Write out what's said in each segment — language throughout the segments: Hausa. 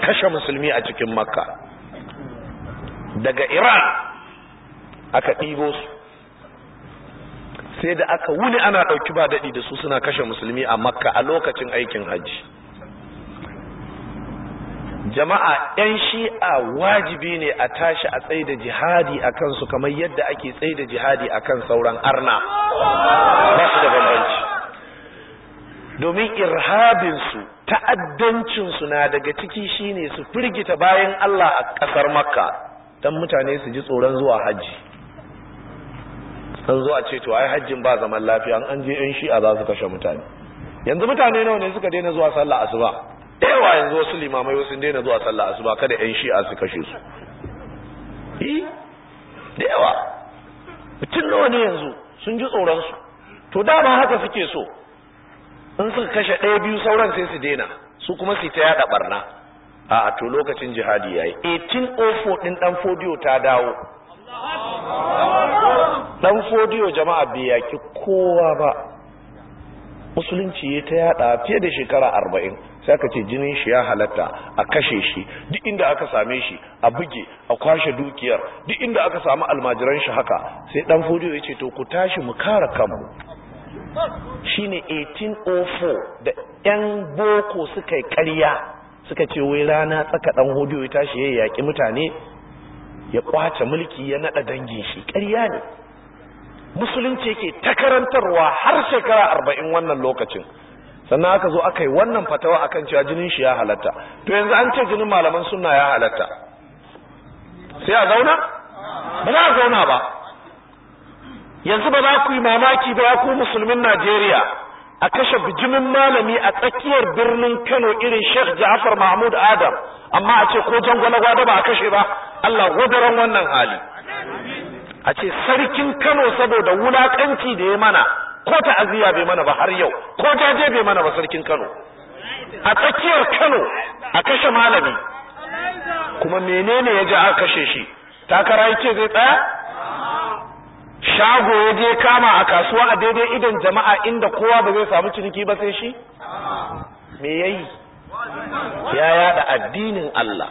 kashe musulmi a cikin makka daga iran aka ɗibo su sai da aka wuni ana ɗauki ba daɗi da su suna kashe musulmi a makka a lokacin aikin hajji jama'a 'yan shi'a wajibi ne a tashi a tsaye da jihadi a kansu kamar yadda ake tsaye da jihadi a kan sauran arna ba su da bambanci domin irhabinsu ta'addancinsu na daga ciki shine su firgita bayan Allah a kasar makka don mutane su ji tsoron zuwa hajji sun zuwa ce to ai hajjin ba zaman lafiya an je yan shi'a za su kashe mutane yanzu mutane nawa ne suka daina zuwa sallah asuba yawa yanzu wasu limamai wasu daina zuwa sallah asuba kada yan shi'a su kashe su yi da yawa mutum nawa ne yanzu sun ji tsoron su to dama haka suke so in suka kashe ɗaya biyu sauran sai su daina su kuma su ta yada barna a to lokacin jihadi ya yi. 1804 ɗin ɗan fodiyo ta dawo Ɗan fodiyo jama'a bai yaki kowa ba musulunci ya ta yada fiye da shekara arba'in sai aka ce jinin shi ya halatta a kashe shi duk inda aka same shi a buge a kwashe dukiyar duk inda aka samu almajiran shi haka sai ɗan fodiyo ya ce to ku tashi mu kare kanmu Shi ne 1804 da 'yan boko suka yi karya suka ce wai rana tsaka ɗan hudu ya tashi ya yaƙi mutane ya kwace mulki ya naɗa dangin shi karya ne musulunci ke takarantarwa har shekara arba'in wannan lokacin sannan aka zo aka yi wannan fatawa akan cewa jinin shi ya halatta to yanzu an ce jinin malaman suna ya halatta sai a zauna ba za a zauna ba yanzu ba za ku yi mamaki ba ku musulmin Najeriya a kashe bijimin malami a tsakiyar birnin Kano irin Sheikh Ja'far Mahmud Adam amma a ce ko jangwana gwada ba a kashe ba Allah wadaran wannan hali a ce sarkin Kano saboda wulakanci da ya mana ko ta'aziyya bai mana ba har yau ko jaje bai mana ba sarkin Kano a tsakiyar Kano a kashe malami kuma menene ya ji a kashe shi takara yake zai tsaya shago ya je kama a kasuwa a daidai idan jama'a inda kowa ba zai samu ciniki ba sai shi me yayi ya yada addinin Allah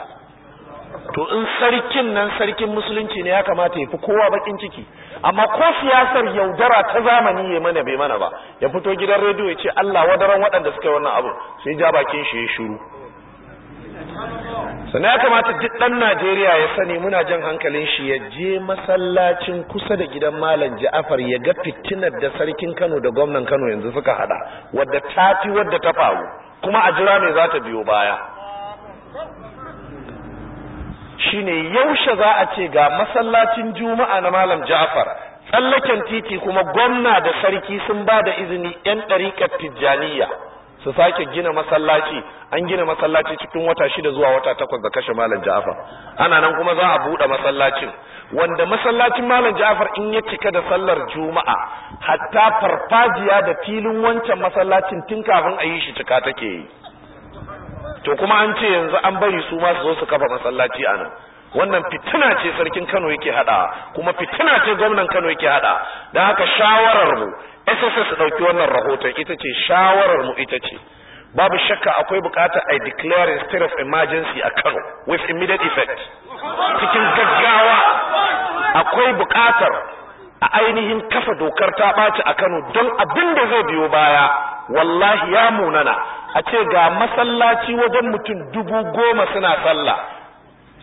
to in sarkin nan sarkin musulunci ne ya kamata ya fi kowa bakin ciki amma ko siyasar yaudara ta zamani ya mana bai mana ba ya fito gidan rediyo ya ce Allah wadaran waɗanda suka yi wannan abu sai ja bakin shi ya shiru sana ya kamata duk ɗan najeriya ya sani muna jan hankalin shi ya je masallacin kusa da gidan malam Jafar ya ga fitinar da sarkin kano da gwamnan kano yanzu suka hada wadda ta fi wadda ta faru kuma a jira mai za ta biyo baya shine yaushe za a ce ga masallacin juma'a na malam Jafar tsallaken titi kuma gwamna da sarki sun ba da izini 'yan ɗariƙar tijjaniya su sake gina masallaci an gina masallaci cikin wata shida zuwa wata takwas da kashe malam ja'afar ana nan kuma za a buɗe masallacin wanda masallacin malam ja'afar in ya cika da sallar juma'a hatta farfajiya da filin wancan masallacin tun kafin a yi shi cika take yi to kuma an ce yanzu an bari su ma su zo su kafa masallaci a nan wannan fitina ce sarkin Kano yake hada kuma fitina ce gwamnan Kano yake hada don haka shawararmu. sss ɗauki wannan rahoton ita ce shawarar mu ita ce babu shakka akwai bukatar a a state of emergency a kano with immediate effect cikin gaggawa akwai bukatar a ainihin kafa dokar ta ɓaci a kano don abin da zai biyo baya wallahi ya munana a ce ga masallaci wajen mutum dubu goma suna sallah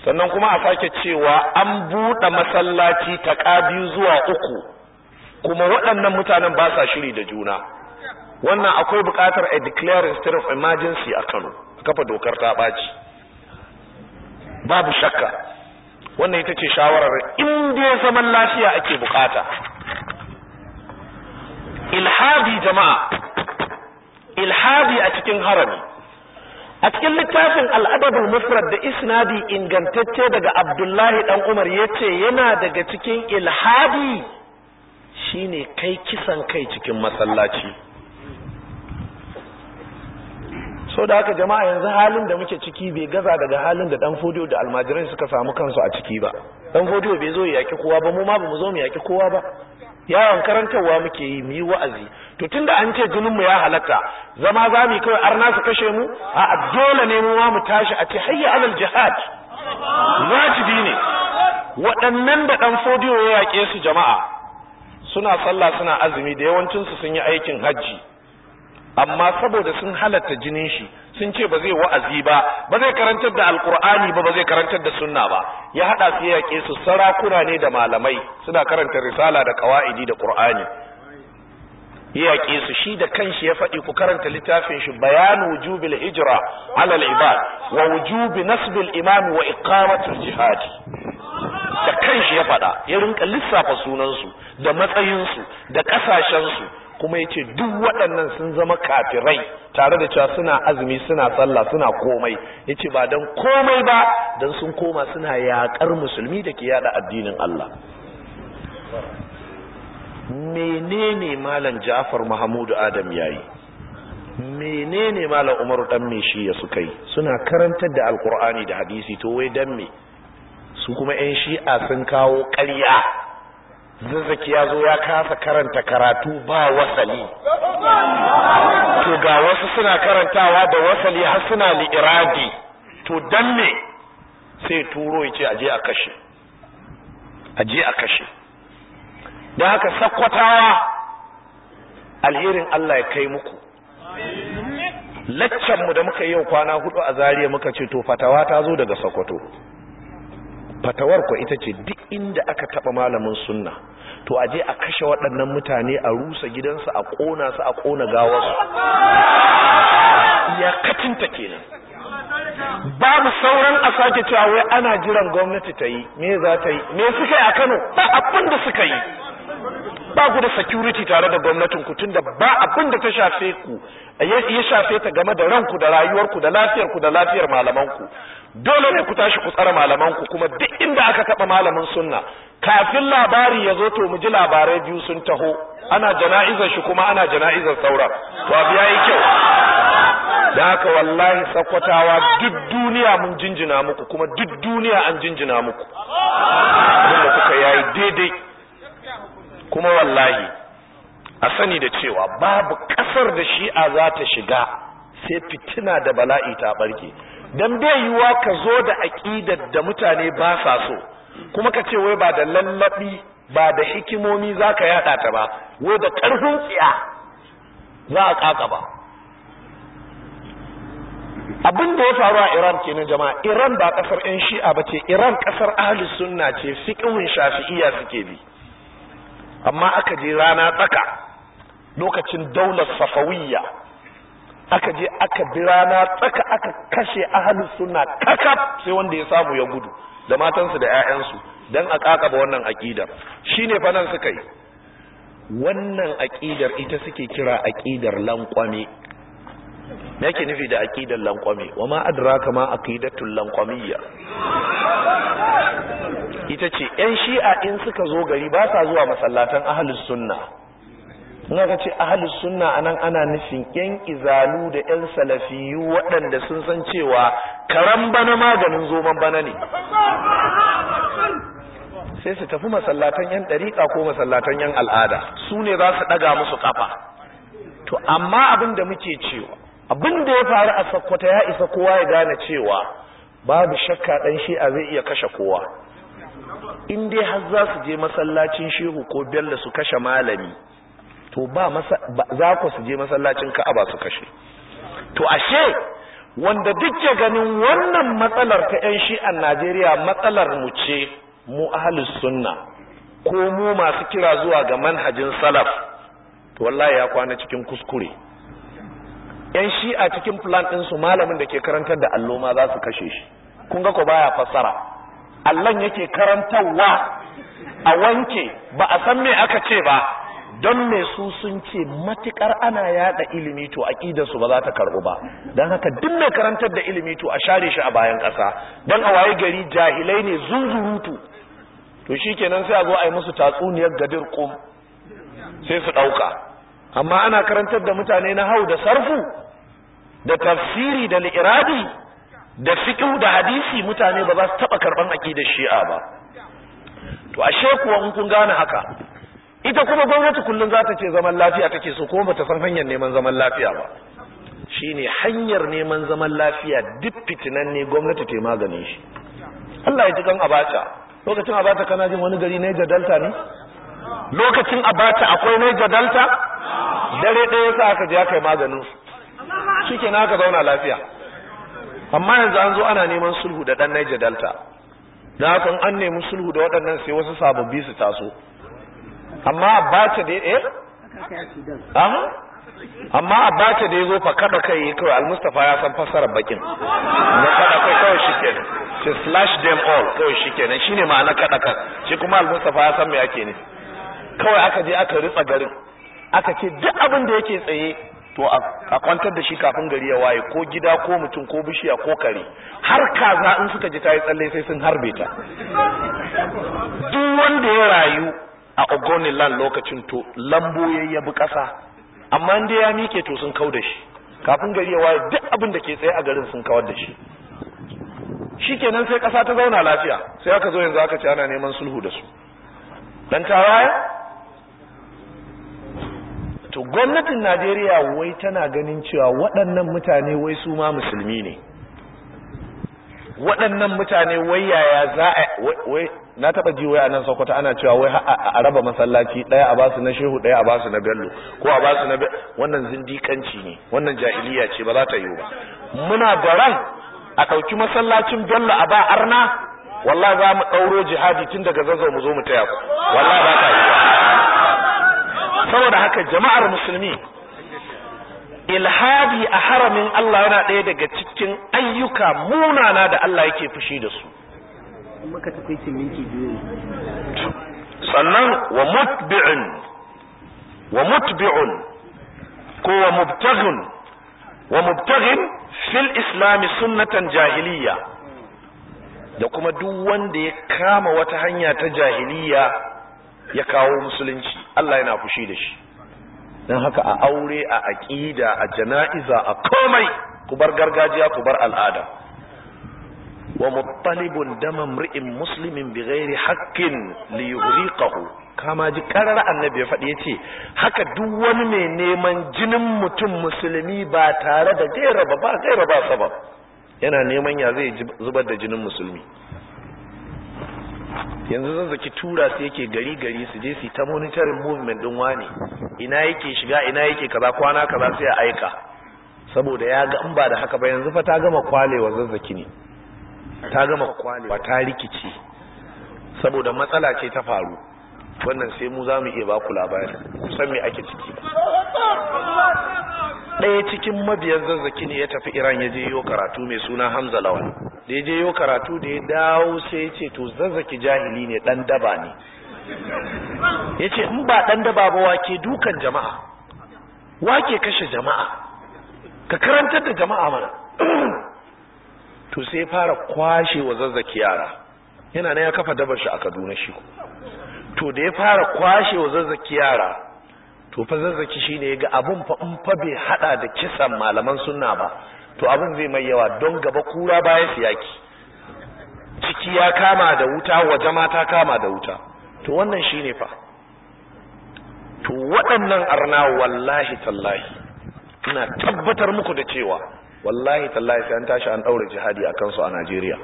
sannan kuma a sake cewa an buɗe masallaci ta biyu zuwa uku kuma waɗannan mutanen ba sa shiri da juna wannan akwai buƙatar a declaring state of emergency a Kano kafa dokar ta ɓaci babu shakka wannan ita ce shawarar inda ya zaman lafiya ake buƙata. ilhadi jama'a ilhadi a cikin harami a cikin littafin al'adabul mufrad da isnadi ingantacce daga abdullahi ɗan umar ya ce yana daga cikin ilhadi shine kai kisan kai cikin masallaci so da haka jama'a yanzu halin da muke ciki bai gaza daga halin da dan fodiyo da almajirai suka samu kansu a ciki ba dan fodiyo bai zo ya yaki kowa ba mu ma ba zo mu yaki kowa ba yawon karantarwa muke yi mu yi wa'azi to tunda an ce jinin mu ya halatta zama za mu kawai arna su kashe mu a dole ne mu ma mu tashi a ce hayya alal jihad wajibi ne waɗannan da dan fodiyo ya yake su jama'a suna sallah suna azumi da yawancin su sun yi aikin hajji amma saboda sun halatta jinin shi sun ce ba zai wa'azi ba ba zai karantar da alkur'ani ba ba zai karantar da sunna ba ya hada su yaƙe su sarakuna ne da malamai suna karanta risala da qawaidi da qur'ani ya yaƙe su shi da kanshi ya faɗi ku karanta littafin shi bayanu wujubil hijra Alal ibad wa wujubi nasbil imam wa iqamatul jihad da kanshi ya faɗa ya rinka lissafa sunansu da matsayinsu da ƙasashensu kuma ya ce duk waɗannan sun zama kafirai tare da cewa suna azumi suna sallah suna komai ya ce ba don komai ba don sun koma suna yaƙar musulmi da ke yada addinin Allah menene malam ja'far mahamudu adam yayi menene malam umaru ɗan me shi ya suka yi suna karantar da alkur'ani da hadisi to wai dan me su kuma 'yan shi'a sun kawo ƙarya zazzaki ya zo ya kasa karanta karatu ba wasali to ga wasu suna karantawa da wasali har suna liradi, to dan me sai turo ya ce aje a kashe aje a kashe don haka sakwatawa alherin Allah ya kai muku Laccan mu da muka yi yau kwana hudu a zariya muka ce to fatawa ta zo daga sokoto fatawar ko ita ce duk inda aka taba malamin sunna to aje a kashe waɗannan mutane a rusa gidansu a ƙona su a ƙona gawarsu ya katinta kenan babu sauran a sake cewa wai ana jiran gwamnati ta yi me za ta yi me suka yi a Kano ba abin da suka yi ba ku da security tare da gwamnatin ku tunda ba abin da ta shafe ku ya shafe ta game da ranku da rayuwarku da lafiyarku da lafiyar malamanku dole ne ku tashi ku tsara malaman ku kuma duk inda aka taba malamin sunna kafin labari ya zo to mu ji labarai biyu sun taho ana jana'izar shi kuma ana jana'izar saura to abu yayi kyau da haka wallahi sakwatawa duk duniya mun jinjina muku kuma duk duniya an jinjina muku abinda kuka yayi daidai kuma wallahi a sani da cewa babu kasar da shi'a za ta shiga sai fitina da bala'i ta barke dan bai yiwa ka zo da aqidar da mutane ba sa so kuma ka ce wai ba da lallabi ba da hikimomi zaka yada ta ba wai da karfin tsiya za a kaka ba abin da ya faru a Iran kenan jama'a Iran ba kasar ƴan Shi'a ba ce, Iran kasar Ahlus Sunna ce fiqhun Shafi'iyya suke bi amma aka je rana tsaka lokacin daular safawiyya aka je aka bi rana tsaka aka kashe ahalus sunna kakaf sai wanda ya samu ya gudu da matansu da 'ya'yansu don a kakaba wannan aƙidar shine fa nan suka yi wannan aƙidar ita suke kira aƙidar lankwame me yake nufi da aƙidar lankwame wa ma adraka ma aqidatul lankwamiyya ita ce 'yan shi'a in suka zo gari ba sa zuwa masallatan ahlus sunna na ka ce ahalus sunna anan ana nufin yan izalu da yan salafiyu waɗanda sun san cewa karan bana maganin zoman bana ne sai su tafi masallatan yan ɗariƙa ko masallatan yan al'ada su ne za su ɗaga musu ƙafa to amma abin da muke cewa abin da ya faru a sakkwata ya isa kowa ya gane cewa babu shakka ɗan a zai iya kashe kowa in dai har za su je masallacin shehu ko bello su kashe malami to ba za ku su je masallacin ka'aba su kashe to ashe wanda duke ganin wannan matsalar ta 'yan shi'an najeriya matsalar mu ce mu ahalus sunna ko mu masu kira zuwa ga manhajin salaf to wallahi ya kwana cikin kuskure 'yan shi'a cikin plan su malamin da ke karantar da allo za su kashe shi kun ga ko baya fassara allon yake karantarwa a wanke ba a san me aka ce ba don me su sun ce matukar ana yada ilimi to aqidarsu ba za ta karbu ba don haka duk mai karantar da ilimi to a share shi a bayan ƙasa don a waye gari jahilai ne zunzurutu to shikenan sai a zo a yi musu tatsuniyar gadir kum sai su ɗauka amma ana karantar da mutane na hau da sarfu da tafsiri da li'iradi da fiqh da hadisi mutane ba za su taba karban aqidar shi'a ba to ashe kuwa in kun gane haka ita kuma gwamnati kullum za ta ce zaman lafiya take so kuma ta san hanyar neman zaman lafiya ba Shi ne hanyar neman zaman lafiya duk fitinan ne gwamnati ta maganin shi Allah ya ji kan abata lokacin abata kana jin wani gari naija Delta ne lokacin abata akwai naija Delta dare ɗaya sa aka je aka yi maganin su na ka zauna lafiya amma yanzu an zo ana neman sulhu da ɗan naija Delta da hakan an nemi sulhu da waɗannan sai wasu sababbi su taso amma abacha da eh amma abacha da zo fa kada kai yake kawai almustafa ya san fasara bakin ne kada kai kawai shikenan shi slash them all kawai shikenan shine ma'ana kada kan shi kuma almustafa ya san me yake ne kawai aka je aka ritsa garin aka ce duk abin da yake tsaye to a kwantar da shi kafin gari ya waye ko gida ko mutum ko bishiya ko kare har kaza in suka ji ta yi tsalle sai sun harbe ta duk wanda ya rayu a lan lokacin to lambu ya yabi ƙasa amma inda ya mike to sun kau da shi kafin gari ya waye duk abin da ke tsaye a garin sun kawar da shi shi kenan sai ƙasa ta zauna lafiya sai aka zo yanzu aka ce ana neman sulhu da su dan taraya to gwamnatin najeriya wai tana ganin cewa waɗannan mutane wai su ma musulmi ne waɗannan mutane wai yaya za a wai na taɓa ji wai a nan sokoto ana cewa wai a raba masallaci ɗaya a basu na shehu ɗaya a basu na bello ko a basu na wannan zindikanci ne wannan jahiliya ce ba za ta yi ba muna baran a ɗauki masallacin bello a ba arna wallahi za mu ɗauro jihadi tun daga zazzau mu zo mu taya ku wallahi ba ta ba saboda haka jama'ar musulmi ilhadi a haramin Allah yana ɗaya daga cikin ayyuka munana da Allah yake fushi da su sannan wa mutbi'un wa mutbi'un ko wa mubtaghun wa fil islami sunnatan jahiliya da kuma duk wanda ya kama wata hanya ta jahiliya ya kawo musulunci Allah yana fushi da shi don haka a aure a aƙida a jana'iza a komai ku bar gargajiya ku bar al'ada wa muttalibun dama mri'in muslimin bi ghairi haqqin li yughriqahu kama ji karar annabi ya faɗi yace haka duk wani mai neman jinin mutum musulmi ba tare da gaira ba ba gaira ba sabab yana neman ya zai zubar da jinin musulmi yanzu zan zaki tura su yake gari gari su je su ta monitoring movement din wani ina yake shiga ina yake kaza kwana kaza sai ya aika saboda ya ga in ba da haka ba yanzu fa ta gama kwalewa zazzaki ne ta gama kwalewa ta rikici saboda matsala ce ta faru wannan sai mu za mu iya ba ku labari kusan mai ake ciki ɗaya cikin mabiyan zazzaki ne ya tafi iran ya je yi karatu mai suna hamza lawal da ya je yi karatu da ya dawo sai ya ce to zazzaki jahili ne ɗan daba ne ya ce in ba ɗan daba ba wake dukan jama'a wake kashe jama'a ka karantar da jama'a mana to sai fara kwashe wa zazzaki yara yana na ya kafa dabar shi a kaduna shi to da ya fara kwashe wa zazzaki yara to fa zazzaki shine ya ga abun fa in fa bai hada da kisan malaman sunna ba to abun zai mai yawa don gaba kura baya siyaki ciki ya kama da wuta waje mata kama da wuta to wannan shi ne fa to waɗannan arna wallahi tallahi ina tabbatar muku da cewa wallahi tallahi sai an tashi an ɗaure jihadi akan su a Najeriya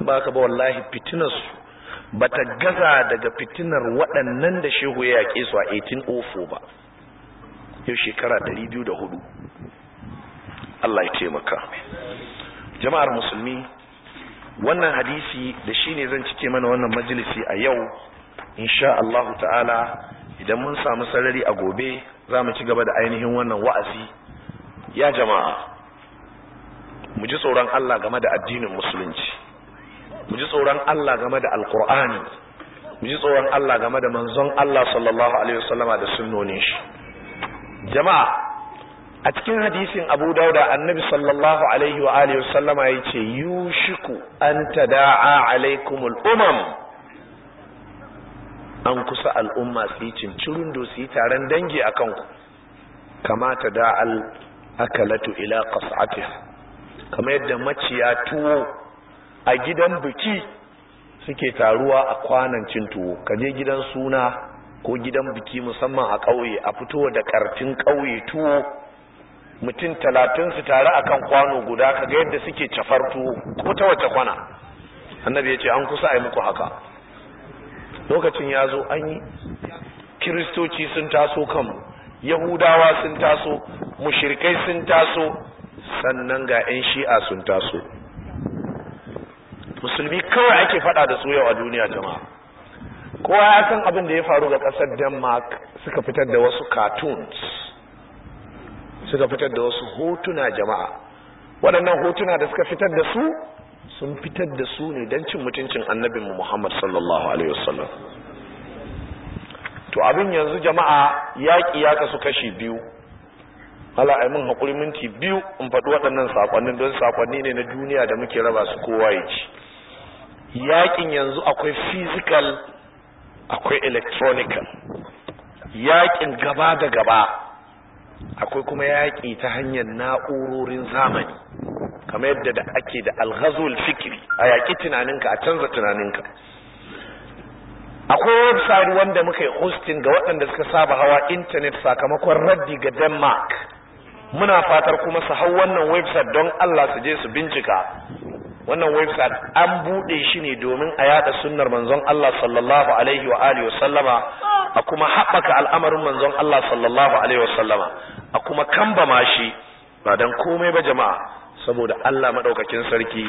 ba ka ba wallahi fitinar su ba ta gaza daga fitinar waɗannan da shehu ya yaƙe su a 1804 ba yau shekara 204 Allah ya taimaka jama'ar musulmi wannan hadisi da shi ne zan cike mana wannan majalisi a yau insha Allah ta'ala idan mun samu sarari a gobe za mu ci gaba da ainihin wannan wa'azi ya jama'a mu ji tsoron Allah game da addinin musulunci mu ji tsoron Allah game da alkur'ani mu ji tsoron Allah game da manzon Allah sallallahu alaihi wasallama da sunnonin shi jama'a a cikin hadisin Abu Dauda annabi sallallahu alaihi wa alihi wasallama yace yushiku an tada'a alaikumul umam an kusa al'umma su yi cincirin do su taron dangi a kanku kamata da al'akalatu ila qas'atiha kamar yadda maciya tuwo a gidan biki suke taruwa a kwanan cin tuwo kaje gidan suna ko gidan biki musamman a ƙauye a fito da ƙarfin ƙauye tuwo mutum talatin su tare a kan kwano guda kaga yadda suke cafar tuwo ko ta wata kwana annabi ya ce an kusa a yi muku haka lokacin ya zo an yi kiristoci sun taso kanmu yahudawa sun taso mushirkai sun taso sannan ga 'yan shi'a sun taso musulmi kawai ake fada da su yau a duniya jama'a kowa ya san abin da ya faru ga kasar denmark suka fitar da wasu cartoons suka fitar da wasu hotuna jama'a waɗannan hotuna da suka fitar da su sun fitar da su ne don cin mutuncin annabin muhammad sallallahu alaihi wasallam to abin yanzu jama'a yaƙi ya kasu kashi biyu ala mun haƙuri minti biyu in faɗi waɗannan saƙonnin don saƙonni ne na duniya da muke raba su kowa ya ci yakin yanzu akwai physical akwai electronical yakin gaba da gaba akwai kuma yaƙi ta hanyar na'urorin zamani kamar yadda da ake da alghazul fikiri a yaƙi tunaninka a canza tunaninka akwai website wanda muka yi hosting ga waɗanda suka saba hawa intanet sakamakon raddi ga denmark muna fatar kuma su hau wannan website don allah su je su bincika wannan website an bude shi ne domin a yada sunnar manzon Allah sallallahu alaihi wa alihi sallama a kuma haɓaka al'amarin manzon Allah sallallahu alaihi sallama a kuma kambama shi ba dan komai ba jama'a saboda Allah madaukakin sarki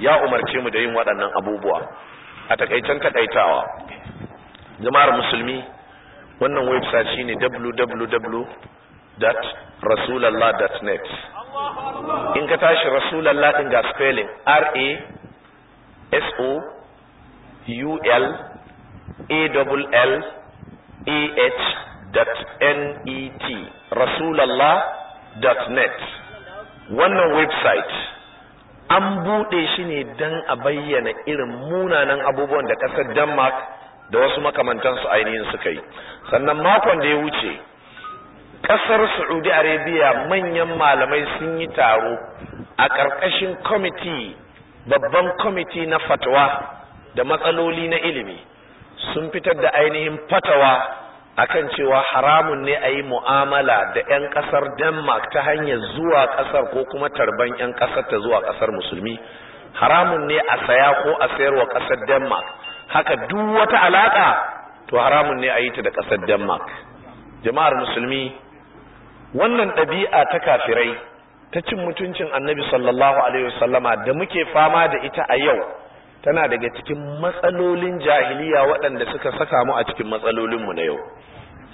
ya umarce mu da yin waɗannan abubuwa a takeicen kadaitawa jama'ar musulmi wannan website shine www.rasulallah.net in ka tashi rasulallah latin ga spelling r a s o u l a l l a h dot n e t rasulallah dot net wannan website an buɗe shi ne don a bayyana irin munanan abubuwan da ƙasar denmark da wasu makamantansu ainihin suka yi sannan makon da ya wuce kasar saudi arabia manyan malamai sun yi taro a ƙarƙashin kwamiti babban kwamiti na fatawa da matsaloli na ilimi sun fitar da ainihin fatawa a kan cewa haramun ne a yi mu'amala da 'yan kasar denmark ta hanyar zuwa kasar ko kuma tarban 'yan kasar ta zuwa kasar musulmi haramun ne a saya ko a sayarwa kasar denmark haka duk wata alaka to haramun ne a yi ta da kasar denmark jama'ar musulmi wannan ɗabi'a ta kafirai ta cin mutuncin annabi sallallahu alaihi wasallama da muke fama da ita a yau tana daga cikin matsalolin jahiliya waɗanda suka saka mu a cikin matsalolinmu na yau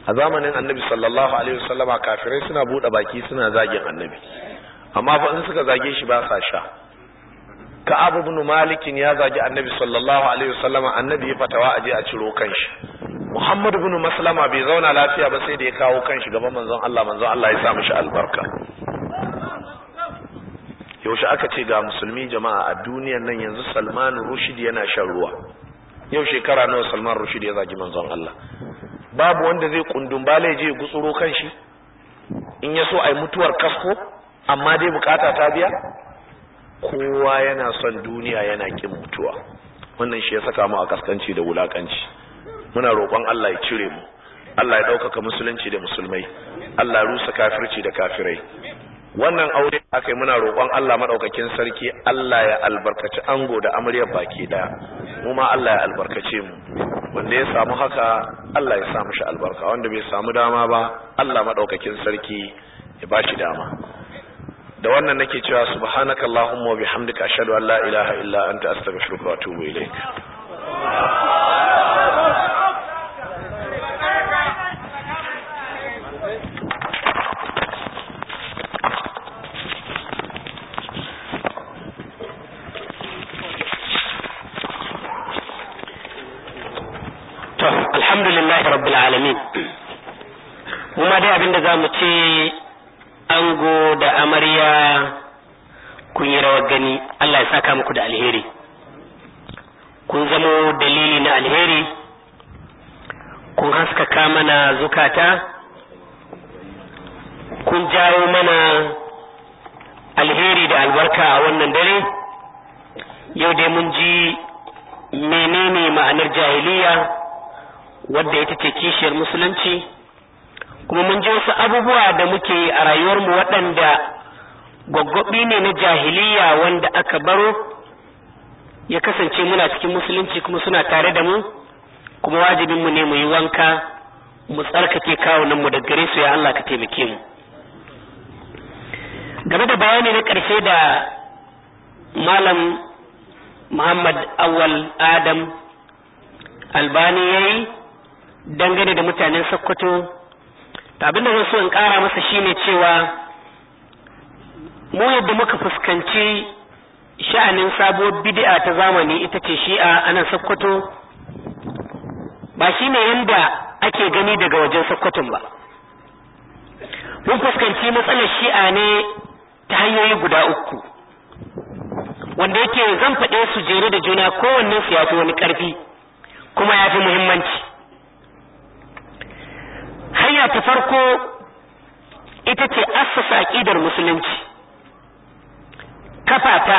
a zamanin annabi sallallahu alaihi wasallama kafirai suna buɗe baki suna zagin annabi amma fa in suka zage shi ba sa sha ka'ab ibn malik ya zagi annabi sallallahu alaihi wasallama annabi ya fatawa aje a ciro kanshi Muhammad ibn Maslama bai zauna lafiya ba sai da ya kawo kanshi shi gaban manzon Allah manzon Allah ya sa mishi albarka yaushe aka ce ga musulmi jama'a a duniyan nan yanzu Salman Rushdie yana shan ruwa yau shekara nawa Salman Rushdi ya zagi manzon Allah babu wanda zai kundun bale je gutsuro kan shi in ya so ai mutuwar kasko amma dai bukata ta biya kowa yana son duniya yana kin mutuwa wannan shi ya saka mu a kaskanci da wulakanci muna roƙon Allah ya cire mu Allah ya ɗaukaka musulunci da musulmai Allah rusa kafirci da kafirai wannan aure akai muna roƙon Allah madaukakin sarki Allah ya albarkaci ango da amaryar baki da mu ma Allah ya albarkace mu wanda ya samu haka Allah ya samu shi albarka wanda bai samu dama ba Allah madaukakin sarki ya bashi dama da wannan nake cewa subhanaka allahumma wa bihamdika ashhadu an la ilaha illa anta astaghfiruka wa atubu ilaik alamin kuma dai abinda za mu ce ango da amarya kun yi rawar gani Allah ya saka muku da alheri kun zamo dalili na alheri kun haskaka mana zukata kun jawo mana alheri da albarka a wannan dare yau dai mun ji menene ma'anar jahiliya wadda ita ce kishiyar musulunci kuma mun ji wasu abubuwa da muke yi a rayuwarmu waɗanda gwaggwaɓi ne na jahiliya wanda aka baro ya kasance muna cikin musulunci kuma suna tare da mu kuma wajibinmu ne mu yi wanka mu tsarkake kawunanmu da gare su ya Allah ka taimake mu game da bayani na ƙarshe da malam muhammad awal adam albani ya yi dangane da mutanen sokoto abin da wasu so in kara masa shine cewa mu yadda muka fuskanci sha'anin sabuwar bidi'a ta zamani ita ce shi'a a nan sokoto ba shine yanda ake gani daga wajen sokoton ba mun fuskanci matsalar shi'a ne ta hanyoyi guda uku wanda yake zan faɗe su jere da juna kowannen su ya fi wani ƙarfi kuma ya fi muhimmanci hanya ta farko ita ce assasa aqidar musulunci kafata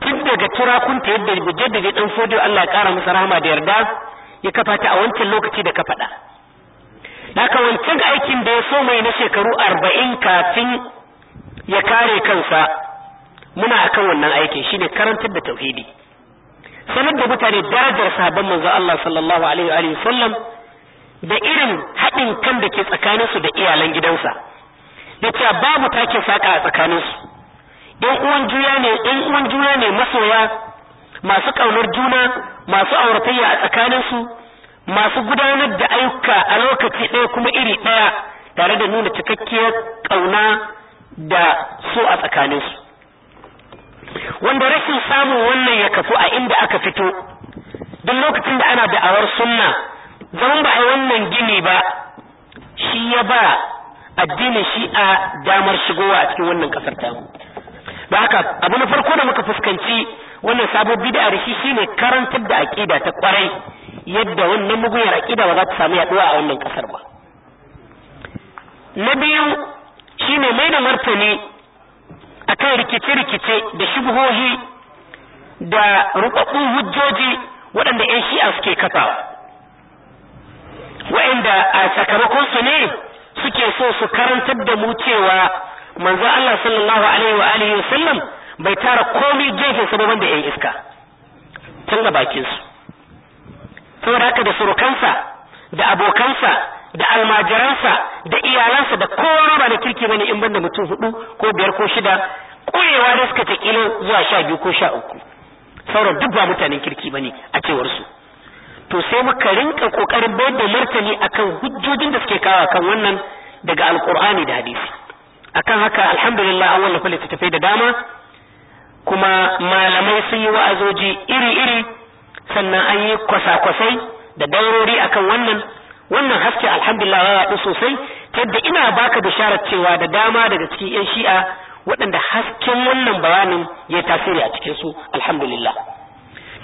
tun daga turakunta yadda mujaddidi dan fodiyo Allah ya kara masa rahama da yarda ya kafata a wancan lokaci da ka faɗa haka wancan aikin da ya so mai na shekaru arba'in kafin ya kare kansa muna akan wannan aikin shine karantar da tauhidi sanar da mutane darajar sahabban manzo Allah sallallahu alaihi wa sallam da irin haɗin kan da ke tsakaninsu da iyalan gidansa da cewa babu take saka a tsakaninsu ɗan uwan juya ne ɗan uwan juna ne masoya masu ƙaunar juna masu auratayya a tsakaninsu masu gudanar da ayyuka a lokaci ɗaya kuma iri ɗaya tare da nuna cikakkiyar ƙauna da so a tsakaninsu wanda rashin samun wannan ya kafu a inda aka fito duk lokacin da ana da'awar sunna Zan ba wannan gini ba shi ya ba addinin shi'a damar shigowa a cikin wannan kasar tamu ba haka abu na farko da muka fuskanci wannan sabon bid'a da shi shine karantar da aqida ta kwarai yadda wannan muguyar aqida ba za ta samu yaduwa a wannan kasar ba na biyu shine mai da martani akan rikice-rikice da shubuhohi da rubabbun hujjoji waɗanda 'yan shi'a suke kafawa wa'inda a sakamakon su ne suke so su karantar da mu cewa manzo Allah sallallahu alaihi wa alihi wasallam bai tara komai gefe sababan da yan iska tun da bakin su saboda haka da surukansa da abokansa da almajiransa da iyalansa da kowa ba da kirki bane in banda mutum hudu ko biyar ko shida koyewa da suka ta kilo zuwa sha biyu ko sha uku sauran duk ba mutanen kirki bane a cewar su to sai muka rinka kokarin bayar da martani akan hujjojin da suke kawo kan wannan daga alqur'ani da hadisi akan haka alhamdulillah an wallafa littattafai da dama kuma malamai sun yi wa'azoji iri-iri sannan an yi kwasa-kwasai da daurori akan wannan wannan haske alhamdulillah ya yaɗu sosai yadda ina baka bisharar cewa da dama daga cikin 'yan shi'a waɗanda hasken wannan bayanin ya tasiri a cikin su alhamdulillah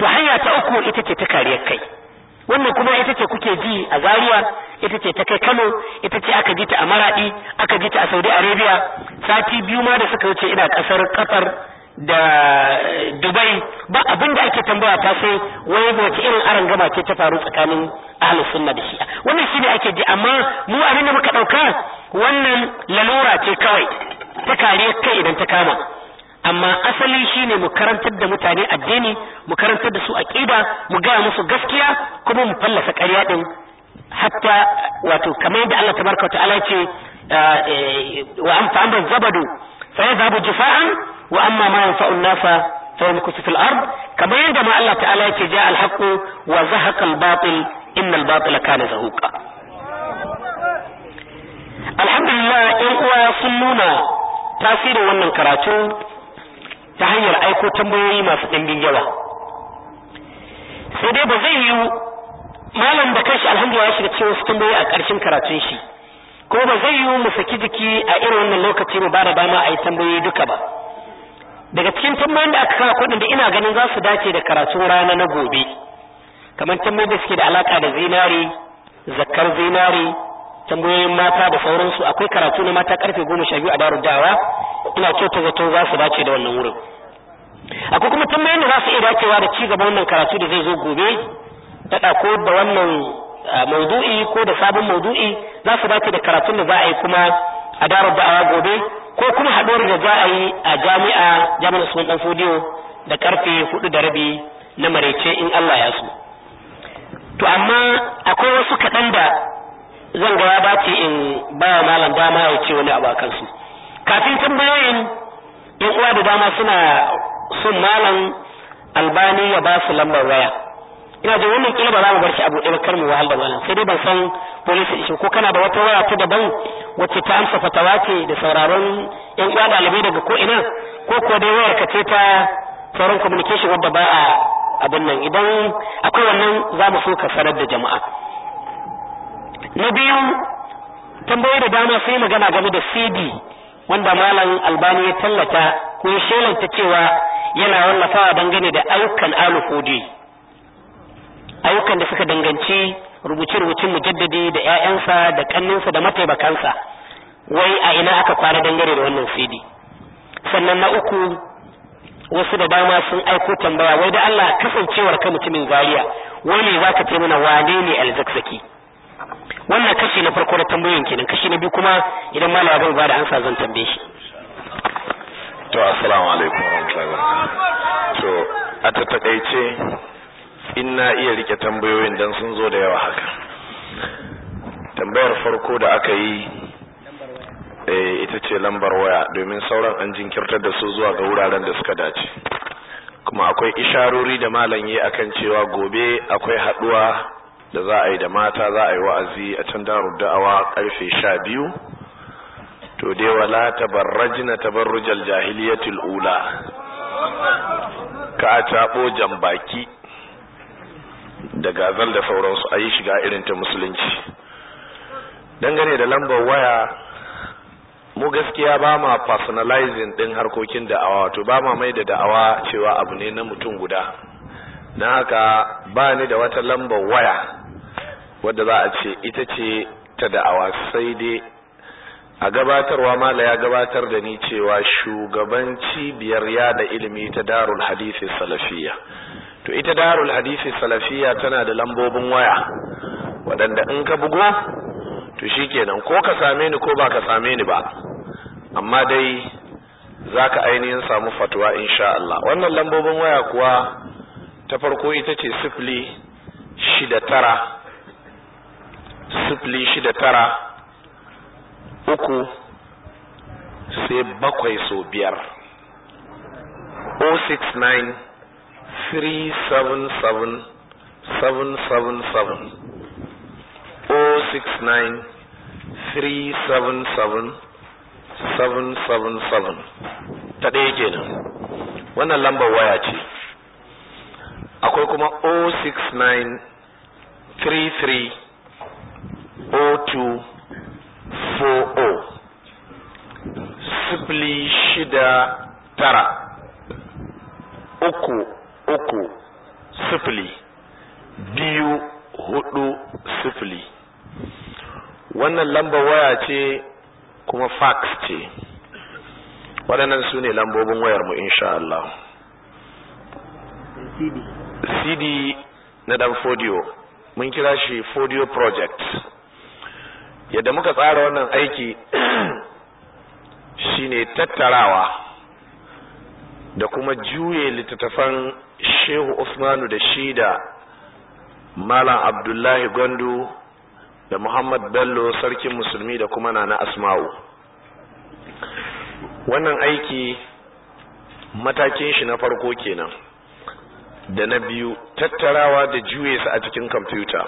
to hanya ta uku ita ce ta kariyar kai wannan kuma ita ce kuke ji a Zaria ita ce ta kai Kano ita ce aka ji ta a Maradi aka ji ta a Saudi Arabia sati biyu ma da suka wuce ina kasar Qatar da eh, Dubai ba abin da ake tambaya ta sai wai wace irin aron gaba ce ta faru tsakanin ahlus sunna da shi'a wannan shi ne ake ji amma mu abin da muka dauka wannan lalura ce kawai ta kare kai idan ta kama amma asali shine mu karantar da mutane addini mu karantar da su aqida mu gaya musu gaskiya kuma mu fallasa ƙarya din hatta wato kamar yadda Allah tabaraka wa ta'ala ce ah, eh, wa an fa'an zabadu fa yadhabu jifa'an wa amma ma yanfa'u an-nasa fa yamkusu fil ard kamar yadda ma Allah ta'ala ya ce ja al-haqqu wa zahaqa al-batil inna al-batila kana zahuqa alhamdulillah yan uwa sun nuna tasirin wannan karatu ta hanyar aiko tambayoyi masu ɗimbin yawa sai dai ba zai yiwu malam da kanshi alhamdulillah ya shiga cikin wasu tambayoyi a ƙarshen karatun shi ko ba zai yiwu mu saki jiki a irin wannan lokaci mu ba da dama a yi tambayoyi duka ba daga cikin tambayoyin da aka kawo kuɗin da ina ganin za su dace da karatun rana na gobe kamar tambayoyin da suke da alaƙa da zinari zakar zinari tambayoyin mata da sauransu akwai karatu na mata karfe goma sha biyu a darar dawa ina kyauta zato za su dace da wannan wurin akwai kuma tambayoyin da za su iya dacewa da ci gaban wannan karatu da zai zo gobe ta ko da wannan maudu'i ko da sabon maudu'i za su dace da karatun da za a yi kuma a darar dawa gobe ko kuma haɗuwar da za a yi a jami'a jami'ar usman ɗan fodiyo da karfe hudu da rabi na maraice in Allah ya so to amma akwai wasu kaɗan da zan ga ya bace in ba malam dama ya ce wani abu a kansu kafin tambayoyin yan uwa da dama suna son malam albani ya ba su lambar waya ina jin wannan kila ba za mu bar shi a buɗe kar mu wahala da malam sai dai ban san police shi ko kana da wata waya ta daban wacce ta amsa fatawa ce da sauraron yan uwa ɗalibai daga ko ina ko ko dai wayar ka ce ta sauran communication wadda ba a abin nan idan akwai wannan za mu so ka sanar da jama'a na biyu tambayi da dama sai magana game da cd wanda malam albani ya tallata ko ya ta cewa yana wallafawa dangane da ayyukan alufudi ayyukan da suka danganci rubuce rubucin mujaddadi da 'ya'yansa da kanninsa da mataimakansa wai a ina aka kwana dangane da wannan cd sannan na uku wasu da dama sun aiko tambaya wai da Allah kasancewar ka mutumin zariya wai ne zaka ce mana wane ne alzaksaki wannan kashi na farko na tambayoyin kenan kashi na biyu kuma idan malama zan ba da ansa zan tambaye shi to assalamu alaikum warahmatullahi to a tattaice in na iya rike tambayoyin dan sun zo da yawa haka tambayar farko da aka yi eh, ita ce lambar waya domin sauran an jinkirtar da su zuwa ga wuraren da suka dace kuma akwai isharori da malam yi akan cewa gobe akwai haduwa da za a yi da mata za a yi wa'azi a can darun da'awa karfe sha biyu to dai wala tabarrajina tabarrujal jahiliyatul ula ka a taɓo jambaki da gazal da sauransu a yi shiga irin ta musulunci dangane da lambar waya mu gaskiya ba ma personalizing ɗin harkokin da'awa to ba ma mai da da'awa cewa abu ne na mutum guda na haka ba ni da wata lambar waya wadda za a ce ita ce ta da'awa sai dai a gabatarwa mala ya gabatar da ni cewa shugaban cibiyar yada ilimi ta darul hadisi salafiya to ita darul hadisi salafiya tana da lambobin waya waɗanda in ka bugo to shi kenan ko ka same ni ko ba ka same ni ba amma dai za ka ainihin samu fatuwa insha Allah wannan lambobin waya kuwa ta farko ita ce sifili shida tara sifili shi tara uku sai bakwai sau biyar 06937777 ta ɗaya kenan wannan lambar waya ce akwai kuma 06933 two four oh. sifili shida tara uku uku sifili biyu hudu sifili wannan lambar waya ce kuma fax ce waɗannan su ne lambobin wayarmu insha Allah cd na dan fodiyo mun kira shi fodiyo project yadda muka tsara wannan aiki shine tattarawa da kuma juye littattafan shehu usmanu da shida malam abdullahi gwandu da muhammad bello sarkin musulmi da kuma nana asma'u wannan aiki matakin shi na farko kenan da na biyu tattarawa da juye su a cikin kwamfuta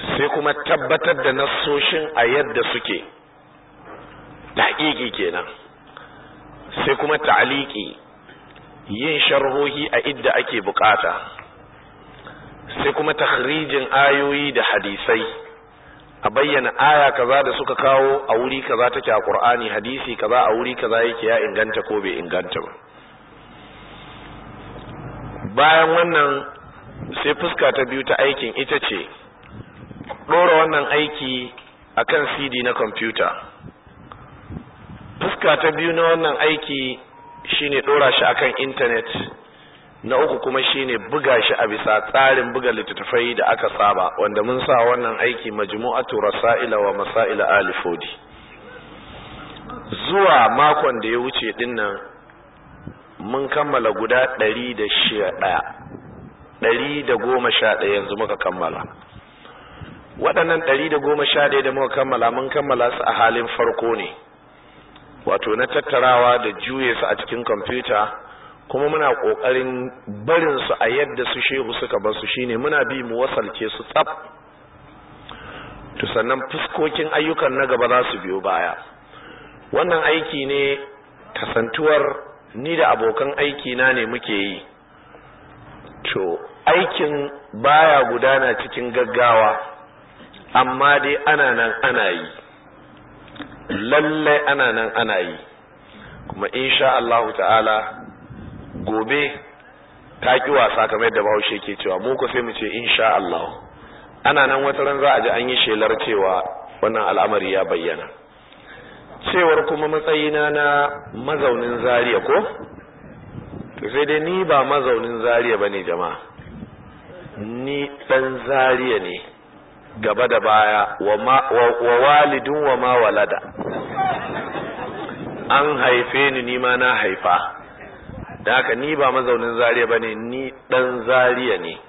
sai kuma tabbatar da nasoshin a yadda suke da hakiki kenan sai kuma ta'aliki yin sharhohi a idda ake bukata sai kuma takhrijin ayoyi da hadisai a bayyana aya kaza da suka kawo a wuri kaza take a Qur'ani hadisi kaza a wuri kaza yake ya inganta ko bai inganta ba bayan wannan sai fuska ta biyu ta aikin ita ce ɗora wannan aiki a kan cd na kwamfuta fuska ta biyu na wannan aiki shine ɗora shi a kan intanet na uku kuma shine buga shi a bisa tsarin buga littattafai da aka saba wanda mun sa wannan aiki majmu'atu rasaila wa masaila alifodi zuwa makon da ya wuce dinnan mun kammala guda ɗari da goma sha ɗaya yanzu muka kammala waɗannan ɗari da goma sha ɗaya da muka kammala mun kammala su a halin farko ne wato na tattarawa da juye su a cikin kwamfuta kuma muna ƙoƙarin barin su a yadda su shehu suka bar su shine muna bi mu wasalke su tsaf to sannan fuskokin ayyukan na gaba za su biyo baya wannan aiki ne kasantuwar ni da abokan aiki na ne muke yi to aikin baya gudana cikin gaggawa amma dai ana nan ana yi lallai ana nan ana yi kuma insha Allahu ta'ala gobe ta ki wasa kamar yadda bahaushe ke cewa mu ku sai mu ce insha Allah ana nan wata ran za a ji an yi shelar cewa wannan al'amari ya bayyana cewar kuma matsayina na mazaunin zariya ko sai dai ni ba mazaunin zariya bane jama'a ni dan zariya ne gaba da baya wa walidin wa ma walada an haife ni ni ma na haifa da haka ni ba mazaunin zariya ba ne ni ɗan zariya ne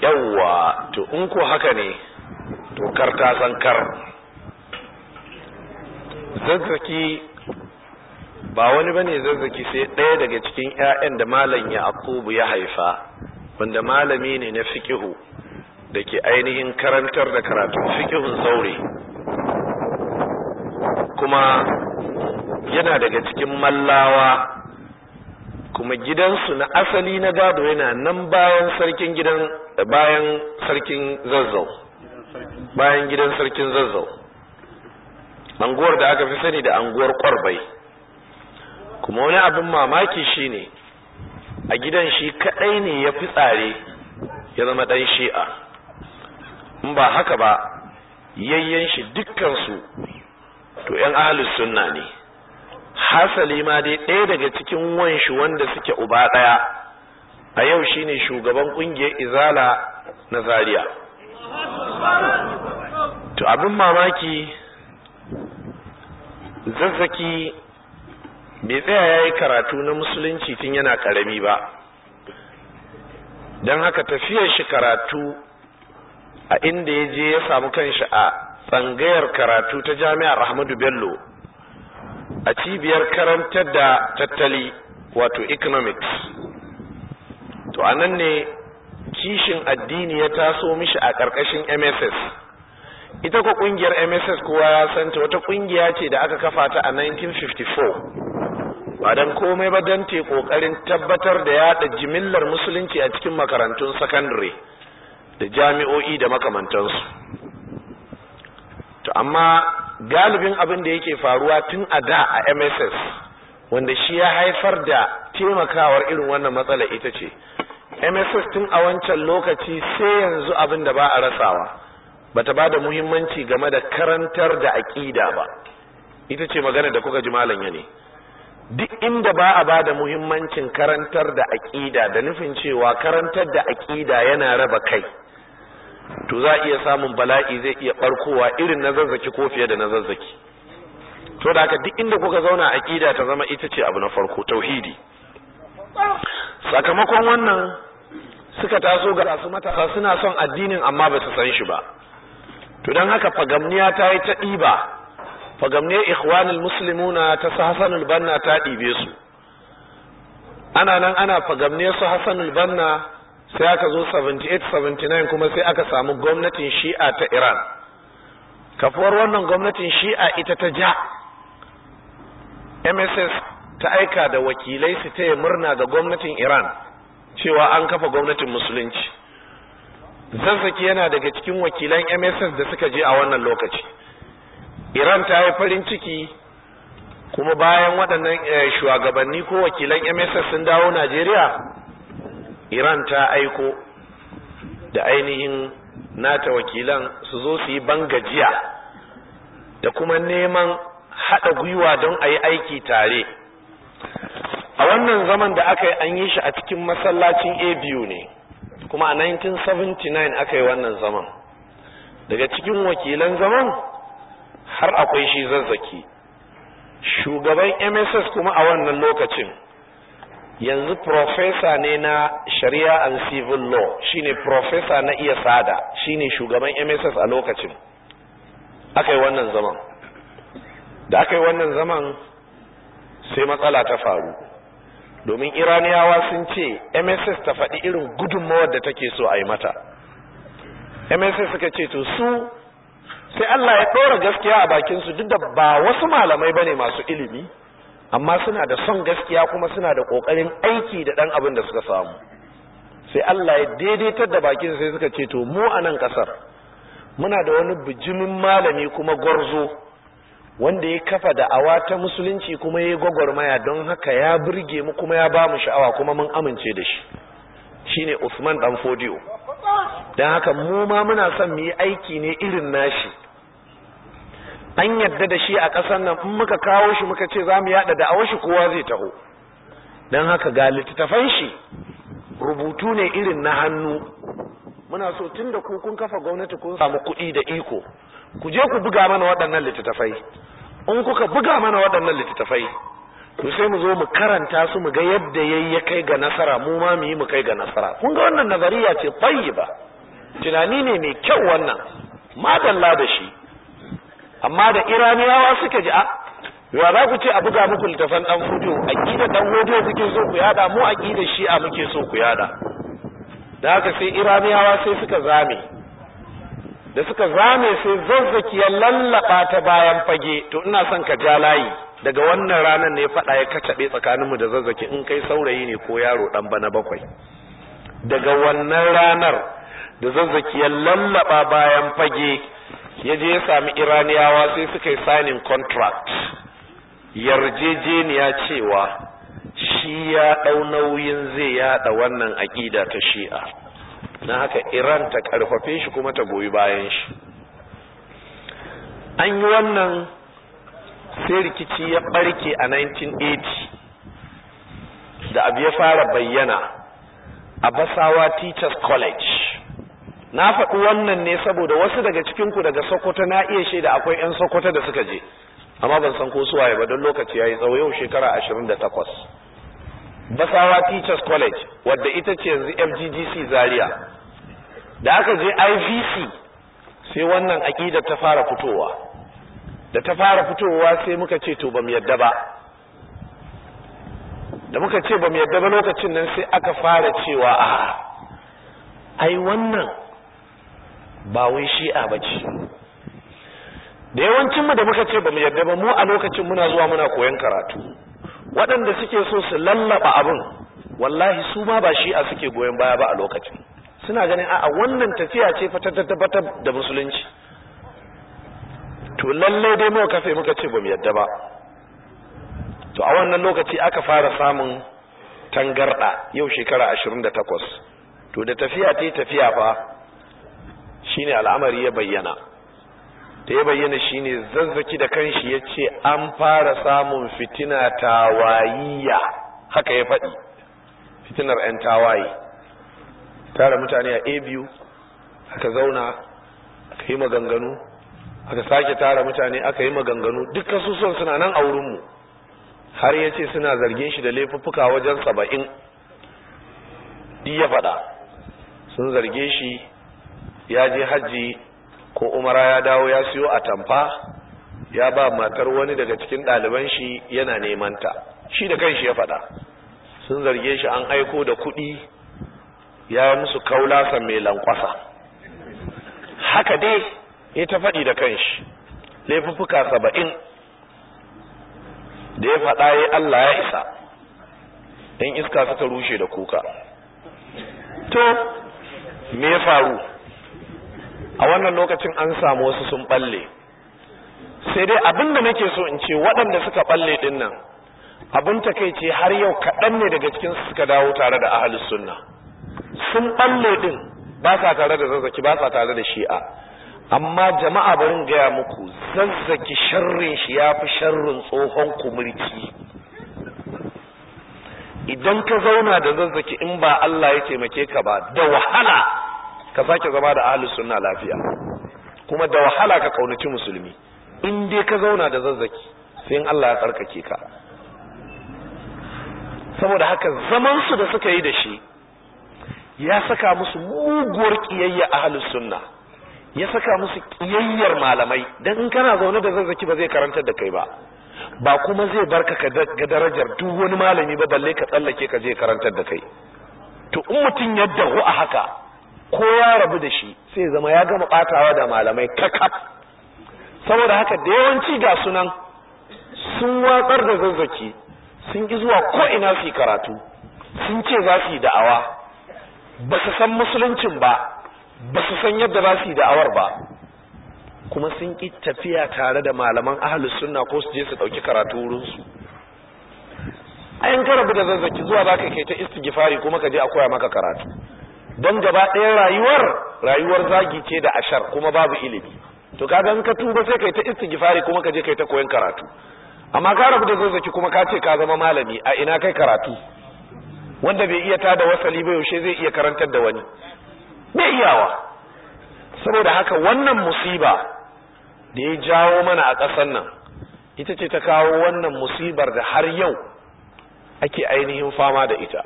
yawwa to in ko haka ne to kar ta san kar zazzaki ba wani bane zazzaki sai ɗaya daga cikin 'ya'yan da malam ya akubu ya haifa wanda malami ne na fikihu da ke ainihin karantar da karatun fikihun zaure kuma yana daga cikin mallawa kuma gidansu na asali na gado yana nan bayan sarkin gidan bayan sarkin zazzau bayan gidan sarkin zazzau anguwar da aka fi sani da anguwar kwarbai kuma wani abin mamaki shi ne a gidan shi kadai ne ya fi tsare ya zama dan shi'a in ba haka ba yayyan shi dukkansu to ‘yan ahalus sunna ne hasali ma dai ɗaya daga cikin wanshi wanda suke uba ɗaya a yau shine shugaban ƙungiyar izala na Zariya. to abin mamaki zazzaki bai tsaya ya yi karatu na musulunci tun yana ƙarami ba don haka tafiyar shi karatu a inda ya je ya samu kanshi a tsangayar karatu ta jami'ar ahmadu bello a cibiyar karantar da tattali wato economics to a ne kishin addini ya taso mishi a ƙarƙashin mss ita ko ƙungiyar mss kowa ya santa wata ƙungiya ce da aka kafa ta a 1954 ba don komai ba don te ƙoƙarin tabbatar da yaɗa jimillar musulunci a cikin makarantun sakandare da jami'o'i da makamantansu to amma galibin abin da yake faruwa tun a da a mss wanda shi ya haifar da taimakawar irin wannan matsala ita ce mss tun a wancan lokaci sai yanzu abin da ba a rasawa bata ba da muhimmanci game da karantar da aƙida ba ita ce magana da kuka ji malam ya ne duk inda ba a bada muhimmancin karantar da aƙida da nufin cewa karantar da aƙida yana raba kai to za iya samun bala'i zai iya barkowa irin na zazzaki ko fiye da na zazzaki to da haka duk inda kuka zauna aƙida ta zama ita ce abu na farko tauhidi sakamakon wannan suka taso ga su matasa suna son addinin amma ba su san shi ba to don haka fagamniya ta yi ta ɗiba fagamne ikhwanul muslimuna ta su hasanul banna ta ɗibe su ana nan ana fagamne su hasanul banna sai aka zo 78-79 kuma sai aka samu gwamnatin shi'a ta iran kafuwar wannan gwamnatin shi'a ita ta ja mss ta aika da wakilai su taya murna ga gwamnatin iran cewa an kafa gwamnatin musulunci zazzaki yana daga cikin wakilan mss da suka je a wannan lokaci iran ta yi farin ciki kuma bayan waɗannan eh, shugabanni ko wakilan mss sun dawo najeriya iran ta aiko da ainihin nata wakilan su zo su yi bangajiya da kuma neman haɗa gwiwa don a yi aiki tare a wannan zaman da aka yi an yi shi a cikin masallacin abu ne kuma a 1979 aka yi wannan zaman daga cikin wakilan zaman har akwai shi zazzaki shugaban mss kuma a wannan lokacin yanzu profesa ne na shari'a and civil law shine profesa na iya sada shine shugaban mss a lokacin aka yi wannan zaman da aka yi wannan zaman sai matsala ta faru domin iraniyawa sun ce mss ta faɗi irin gudunmawar da take so a yi mata mss suka ce to su sai Allah ya ɗora gaskiya a bakinsu duk da ba wasu malamai ba ne masu ilimi amma suna da son gaskiya kuma suna da ƙoƙarin aiki da ɗan abin da suka samu sai Allah ya daidaitar da bakin sai suka ce to mu a nan ƙasar muna da wani bijimin malami kuma gwarzo wanda ya kafa da awa ta musulunci kuma ya yi gwagwarmaya don haka ya burge mu kuma ya ba mu sha'awa kuma mun amince da shi Shi ne Usman Danfodiyo don haka mu ma muna son mu yi aiki ne irin nashi an yadda da shi a ƙasar nan in muka kawo shi muka ce za mu yada da awashi kowa zai taho don haka ga littattafan shi rubutu ne irin na hannu muna so tun da kun kafa gwamnati kun samu kuɗi da iko ku je ku buga mana waɗannan littattafai in kuka buga mana waɗannan littattafai to sai mu zo mu karanta su mu ga yadda yayi ya kai ga nasara mu ma mu yi mu kai ga nasara kun ga wannan nazariya ce ba. tunani ne mai kyau wannan madalla da shi amma da iraniyawa suka ji a yawa za ku ce a buga muku littafan dan a aqida dan hudu suke so ku yada mu a shi shi'a muke so ku yada da haka sai iraniyawa sai suka zame da suka zame sai zazzaki ya lallaba ta bayan fage to ina son ka ja layi daga wannan ranar ne faɗa ya kacabe tsakaninmu da zazzaki in kai saurayi ne ko yaro ɗan bana bakwai daga wannan ranar da zazzaki ya lallaba bayan fage ya je ya sami iraniyawa sai suka yi signing contract yarjejeniya cewa shi ya ɗau nauyin zai yaɗa wannan aƙida ta shi'a na haka iran ta ƙarfafe shi kuma ta goyi bayan shi an yi wannan sai rikici ya ɓarke a 1980 da abu ya fara bayyana a basawa teachers college na faɗi wannan ne saboda wasu daga cikinku daga sokoto na iya shi da akwai 'yan sokoto da suka je amma ban san ko suwaye ba don lokaci ya yi tsawo yau shekara ashirin da takwas basawa teachers college wadda ita ce yanzu fggc zaria da aka je ivc sai wannan aƙidar ta fara fitowa da ta fara fitowa sai muka ce to ba mu yadda ba da muka ce ba mu yadda ba lokacin nan sai aka fara cewa a ai wannan ba wai shi'a ba ce da yawancin mu da muka ce ba mu yarda ba mu a lokacin muna zuwa muna koyon karatu waɗanda suke so su lallaba abin wallahi su ma ba shi'a suke goyon baya ba a lokacin suna ganin a wannan tafiya ce fa ta tabbatar da musulunci to lallai dai muka kafe muka ce ba mu yarda ba to a wannan lokaci aka fara samun tangarɗa yau shekara ashirin to da tafiya ta tafiya fa shine al'amari ya bayyana da ya bayyana shine zazzaki da kanshi ya ce an fara samun fitina tawayiya haka ya faɗi fitinar 'yan tawaye tara mutane a abu aka zauna aka yi maganganu aka sake tara mutane aka yi maganganu duk kasusuwan suna nan a wurinmu har ya ce suna zargin shi da laifuffuka wajen saba'in ya faɗa sun zarge shi ya je hajji ko umara ya dawo ya siyo a atamfa ya ba matar wani daga cikin ɗaliban shi yana neman ta shi da kanshi ya faɗa sun zarge shi an aiko da kuɗi ya musu kaulasa mai lankwasa haka dai ya ta faɗi da kanshi laifuffuka saba'in da ya faɗa ya Allah ya isa ɗan iska suka rushe da kuka to me ya faru a wannan lokacin an samu wasu sun balle sai dai abin da nake so in ce waɗanda suka balle ɗin nan abin ce har yau kaɗan ne daga cikin suka dawo tare da ahalus sunna sun balle ɗin ba sa tare da zazzaki ba sa tare da shi'a amma jama'a barin gaya muku zazzaki sharrin shi ya fi sharrin tsohon kumurki idan ka zauna da zazzaki in ba Allah ya taimake ka ba da wahala ka sake zama da ahlus sunna lafiya kuma da wahala ka kaunaci musulmi in dai ka zauna da zazzaki sai in Allah ya tsarkake ka saboda haka zaman su da suka yi da shi ya saka musu muguwar kiyayya ahlus sunna ya saka musu kiyayyar malamai dan in kana zauna da zazzaki ba zai karantar da kai ba ba kuma zai barka ka ga darajar duk wani malami ba balle ka tsallake ka je karantar da kai to in mutum ya dahu a haka ko ya rabu da shi sai zama ya gama batawa da malamai kakaf saboda haka da yawanci ga sunan sun watsar da zazzaki sun ki zuwa ko ina su karatu sun ce za su yi da'awa ba su san musuluncin ba ba su san yadda za su yi da'awar ba kuma sun ki tafiya tare da malaman ahalus sunna ko su je su ɗauki karatu wurinsu a ka rabu da zazzaki zuwa za ka kai ta istigifari kuma ka je a koya maka karatu don gaba ɗaya rayuwar rayuwar zagi ce da ashar kuma babu ilimi to ka in ka tuba sai kai ta istighfari kuma ka je kai ta koyon karatu amma ka rabu da zazzaki kuma ka ce ka zama malami a ina kai karatu wanda bai iya tada wasali ba yaushe zai iya karantar da wani bai iyawa saboda haka wannan musiba da ya jawo mana a ƙasar nan ita ce ta kawo wannan musibar da har yau ake ainihin fama da ita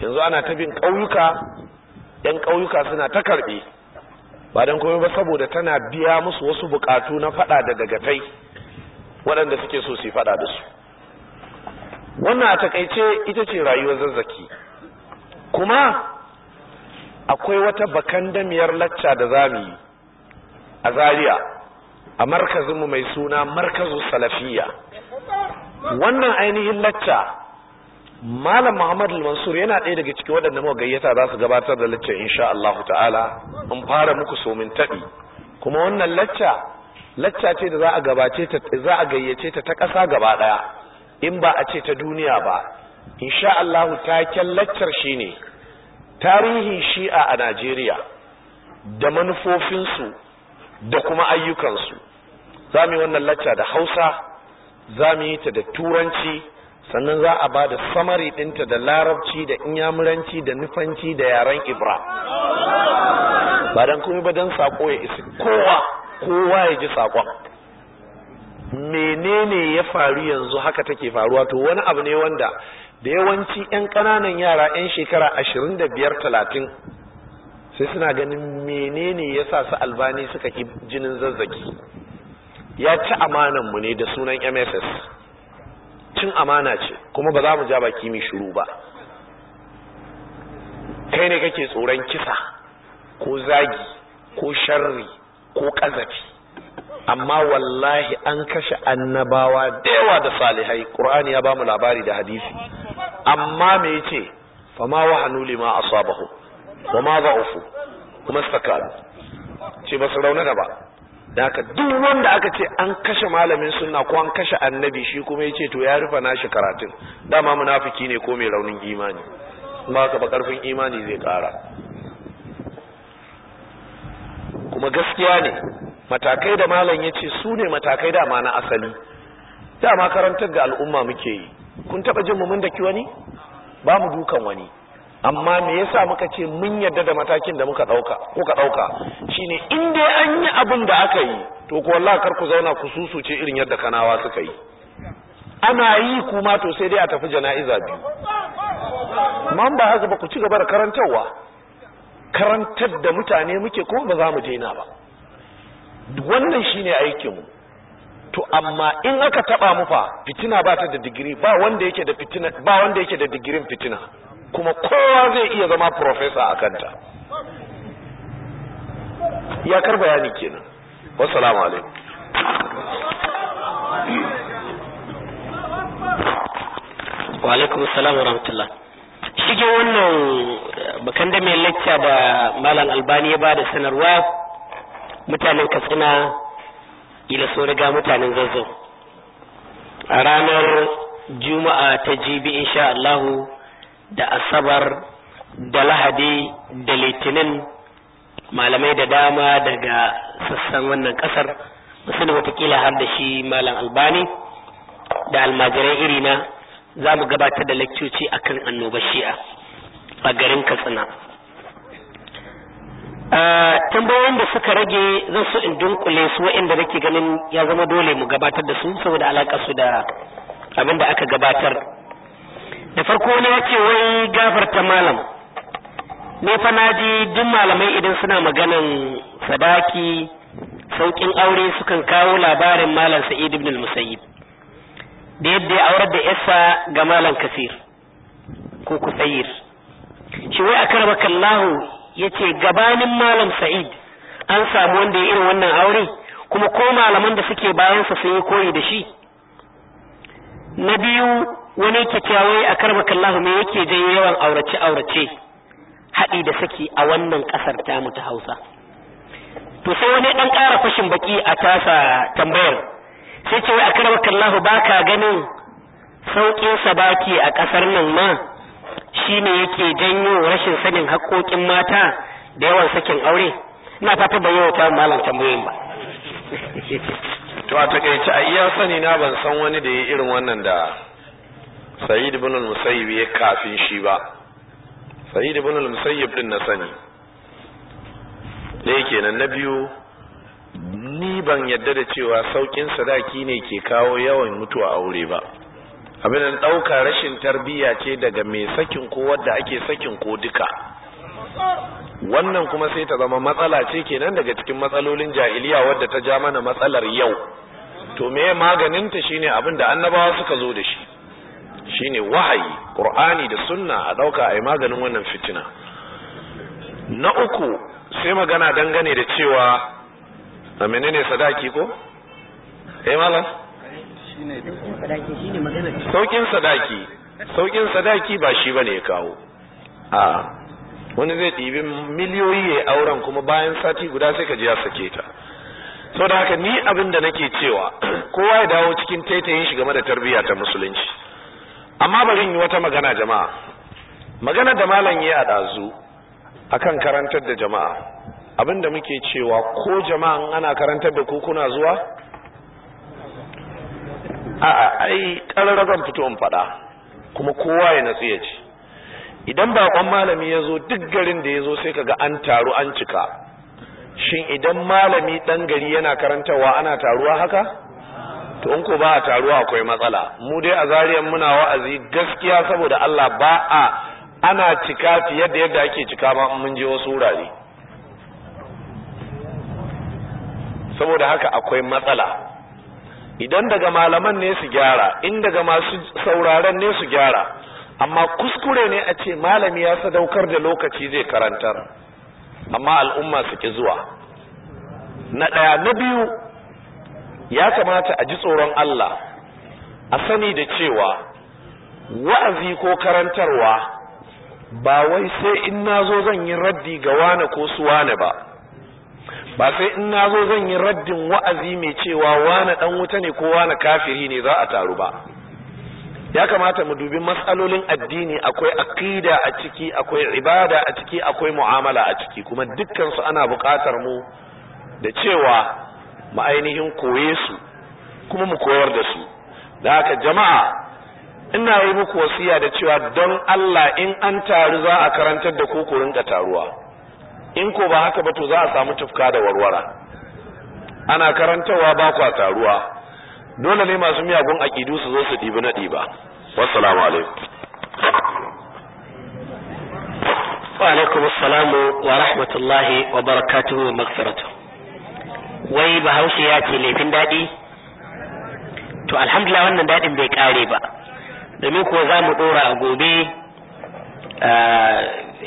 yanzu ana ta bin ƙauyuka yan ƙauyuka suna ta karɓe ba don komai ba saboda tana biya musu wasu buƙatu na faɗa da dagatai waɗanda suke so su faɗa da su wannan a taƙaice ita ce rayuwar zazzaki kuma akwai wata bakan damiyar lacca da za mu yi a Zariya a markazinmu mai suna markazu salafiya wannan ainihin lacca malam muhammad al-mansur yana ɗaya daga cikin waɗanda mu gayyata za su gabatar da lacca insha Allahu ta'ala in fara muku somin taɓi kuma wannan lacca lacca ce da za a gabace ta za a gayyace ta ta ƙasa gaba ɗaya in ba a ce ta duniya ba insha Allah taken laccar shine Tarihi shi'a a Najeriya da manufofinsu da kuma ayyukansu za mu yi wannan lacca da Hausa za mu yi ta da Turanci sannan za a ba da samari ɗinta da larabci da inyamuranci da nufanci da yaren ibra ba don kuma ba don saƙo ya isi kowa kowa ya ji saƙon. menene ya faru yanzu haka take faruwa to wani abu ne wanda da yawanci 'yan ƙananan yara 'yan shekara ashirin da sai suna ganin menene ya sa su albani suka ki jinin zazzaki ya ci mu ne da sunan mss cin amana ce kuma ba za mu ja baki mai shiru ba kai ne kake tsoron kisa ko zagi ko sharri ko kazafi amma wallahi an kashe annabawa da da salihai Qur'ani ya bamu labari da hadisi amma me yace fama wahanu lima asabahu ma za'ufu kuma sakal ce ba su da ba da haka duk wanda aka ce an kashe malamin sunna ko an kashe annabi shi kuma ya ce to ya rufe nashi karatun dama munafiki ne ko mai raunin imani ba ka ba karfin imani zai kara kuma gaskiya ne matakai da malam ya ce su ne matakai dama na asali dama karantar ga al'umma muke yi kun taɓa jin mu mun da wani ba mu dukan wani amma me yasa muka ce mun yarda da matakin da muka dauka kuka dauka shine in dai an yi abin da aka yi to ko wallahi kar ku zauna ku susuce irin yadda kanawa suka yi ana yi kuma to sai dai a tafi jana'iza biyu man ba haka ba ku ci gaba da karantarwa karantar da mutane muke ko ba za mu daina ba wannan shine aikin mu to amma in aka taba mu fa fitina ba ta da digiri ba wanda yake da fitina ba wanda yake da digirin fitina kuma kowa zai iya zama profesa a kanta ya karba bayani kenan wassalamu alaikum wa alaikum assalam wa rahmatullah shige wannan eh, bakan da mai lacca da malam albani ya ba da sanarwa mutanen katsina ila so riga mutanen zazzau a ranar juma'a ta jibi insha Allahu da asabar da lahadi da litinin malamai da dama daga sassan wannan kasar musulun watakila har da shi malam albani da almajirai irina za mu gabatar da lakcoci kan annoba shi'a a garin katsina tambayoyin da suka rage zan so in dunkule su waɗanda nake ganin ya zama dole mu gabatar da su saboda alaƙa su da abin da aka gabatar farko ne ya ce wai gafarta malam ne fa na ji duk malamai idan suna maganan sadaki saukin aure sukan kawo labarin malam sa'id ibn al-musayyib da yadda ya aurar da 'yarsa ga malam kasir ko kusayir shi wai akarba kallahu yace gabanin malam sa'id an samu wanda ya irin wannan aure kuma ko malaman da suke bayansa sun yi koyi da shi na biyu wani kyakkyawai a karba kallahu me yake janyo yawan aurace aurace haɗi da saki a wannan ƙasar ta ta Hausa to sai wani dan ƙara fashin baki a tasa tambayar sai ce wai a karba kallahu baka ganin sauƙin sabaki a ƙasar nan ma shi ne yake janyo rashin sanin haƙoƙin mata da yawan sakin aure ina fata bai yawa malam tambayoyin ba to a takaice a iya sani na ban san wani da ya irin wannan da sa'id ibn al-musayyib ya kafin shi ba sa'id ibn al-musayyib din na sani ne kenan na biyu ni ban yadda da cewa saukin sadaki ne ke kawo yawan mutuwa aure ba abin da ɗauka rashin tarbiyya ce daga mai sakin ko wadda ake sakin ko duka wannan kuma sai ta zama matsala ce kenan daga cikin matsalolin jahiliya wadda ta ja mana matsalar yau to me maganinta shine abin da annabawa suka zo da shi shine wahayi qur'ani da sunna a dauka ai maganin wannan fitina na uku sai magana dangane da cewa a menene sadaki ko eh malam saukin sadaki saukin sadaki ba shi bane ya kawo a wani zai ɗibi miliyoyi ya auren kuma bayan sati guda sai ka ji ya sake ta so da haka ni abin da nake cewa kowa ya dawo cikin taitayin shi game da tarbiyya ta musulunci amma bari yi wata magana jama'a magana da malam ya ɗazu akan karantar da jama'a abinda muke cewa ko jama'an ana karantar da kuna zuwa a'a ai ƙararra zan fito in faɗa kuma kowa ya natsu ya ci idan baƙon malami ya zo duk garin da ya zo sai kaga an taru an cika shin idan malami ɗan gari yana karantarwa ana taruwa haka to in ko ba a taruwa akwai matsala mu dai a zariyan muna wa'azi gaskiya saboda Allah ba a ana cika fiye da yadda ake cika ba mun je wasu wurare saboda haka akwai matsala idan daga malaman ne su gyara in daga masu sauraron ne su gyara amma kuskure ne a ce malami ya sadaukar da lokaci zai karantar amma al'umma su zuwa na ɗaya na biyu ya kamata a ji tsoron Allah a sani da cewa wa'azi ko karantarwa ba wai sai in nazo zan yi raddi ga wane ko su wane ba ba sai in nazo zan yi raddin wa'azi mai cewa wane dan wuta ne ko wane kafiri ne za a taru ba ya kamata mu dubi matsalolin addini akwai aqida a ciki akwai ibada a ciki akwai mu'amala a ciki kuma dukkan su ana buƙatar mu da cewa mu ainihin koye su kuma mu koyar da su da haka jama'a ina yi muku wasiya da cewa don Allah in an taru za a karantar da ku ku taruwa in ko ba haka ba to za a samu tufka da warwara ana karantarwa ba kwa taruwa dole ne masu miyagun aƙidu su zo su ɗibi na ɗiba wassalamu alaikum wa assalamu wa rahmatullahi wa barakatuhu wa wai bahaushe ya ce laifin daɗi to alhamdulillah wannan daɗin bai ƙare ba domin kuwa za mu ɗora a gobe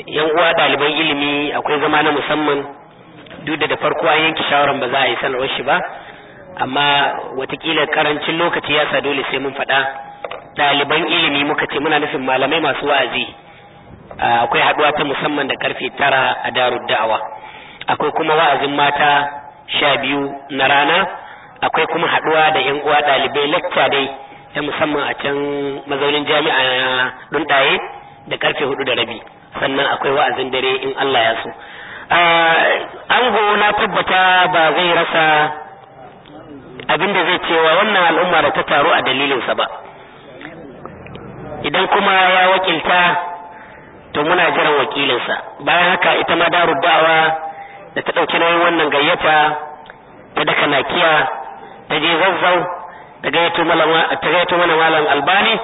yan uwa ɗaliban ilimi akwai zama na musamman duk da da farko an yanke shawarar ba za a yi sanarwar shi ba amma watakila karancin lokaci ya sa dole sai mun faɗa ɗaliban ilimi muka ce muna nufin malamai masu wa'azi akwai haɗuwa ta musamman da karfe tara a darud da'awa akwai kuma wa'azin mata sha biyu na rana akwai kuma haɗuwa da yan uwa ɗalibai lacca dai ya musamman a can mazaunin jami'a na ɗaye da karfe hudu da rabi sannan akwai wa'azin dare in Allah ya so ango na tabbata ba zai rasa abin da zai cewa wannan al'umma da ta taru a dalilinsa ba idan kuma ya wakilta to muna jiran wakilinsa bayan haka ita ma daru da ta ɗauki nauyin wannan gayyata ta daka nakiya ta je zazzau ta gayyato mana malam albani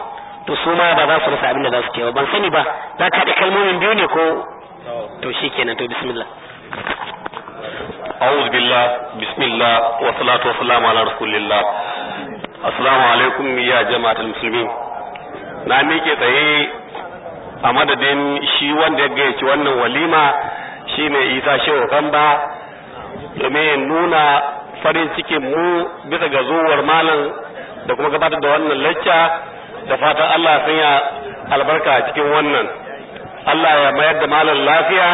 to su ma ba za su rasa abin da za su ce ban sani ba za ka haɗa kalmomin biyu ne ko to shi kenan to bismillah أعوذ بالله بسم الله والصلاة والسلام على رسول الله السلام عليكم يا جماعة المسلمين na miƙe tsaye a madadin shi wanda ya gayyaci wannan walima Shi ne isa shehu kamba domin nuna farin cikin mu bisa ga zuwar malam da kuma gabatar da wannan lacca da fatan Allah ya albarka cikin wannan Allah ya mayar da malam lafiya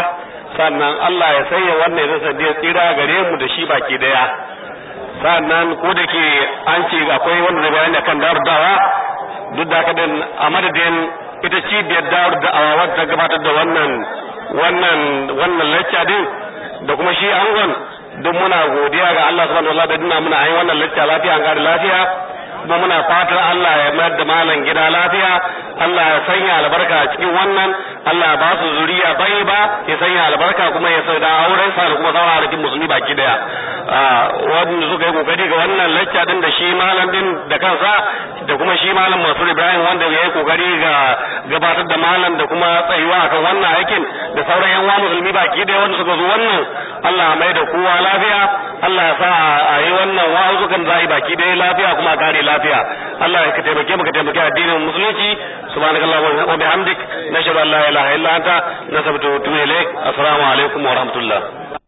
sannan Allah ya sanya wannan ya zai tsira gare mu da shi baki daya sannan ko da ke an ce akwai wanda zai bayani akan darar dawa duk da haka a madadin ita cibiyar darar wadda gabatar da wannan wannan wannan lacca din da kuma shi angon duk muna godiya ga Allah subhanahu wa da dina muna ayi wannan lacca lafiya an gari lafiya kuma muna fatar Allah ya mayar da malam gida lafiya Allah ya sanya albarka a cikin wannan Allah ya ba su zuriya bai ba ya sanya albarka kuma ya sauda auren sa da kuma sauran harkin musulmi baki daya wanda suka yi kokari ga wannan lacca din da shi malam din da kansa da kuma shi malam masu Ibrahim wanda ya yi kokari ga gabatar da malam da kuma tsayuwa akan wannan aikin da sauran yan uwa musulmi baki daya wanda suka zo wannan Allah mai da kowa lafiya Allah ya sa a yi wannan wa'azukan za'i baki daya lafiya kuma kare lafiya Allah ya ka taimake mu ka taimake addinin musulunci subhanakallahumma wa bihamdik nashhadu an la ilaha illa anta nastaghfiruka wa atubu assalamu alaikum wa rahmatullah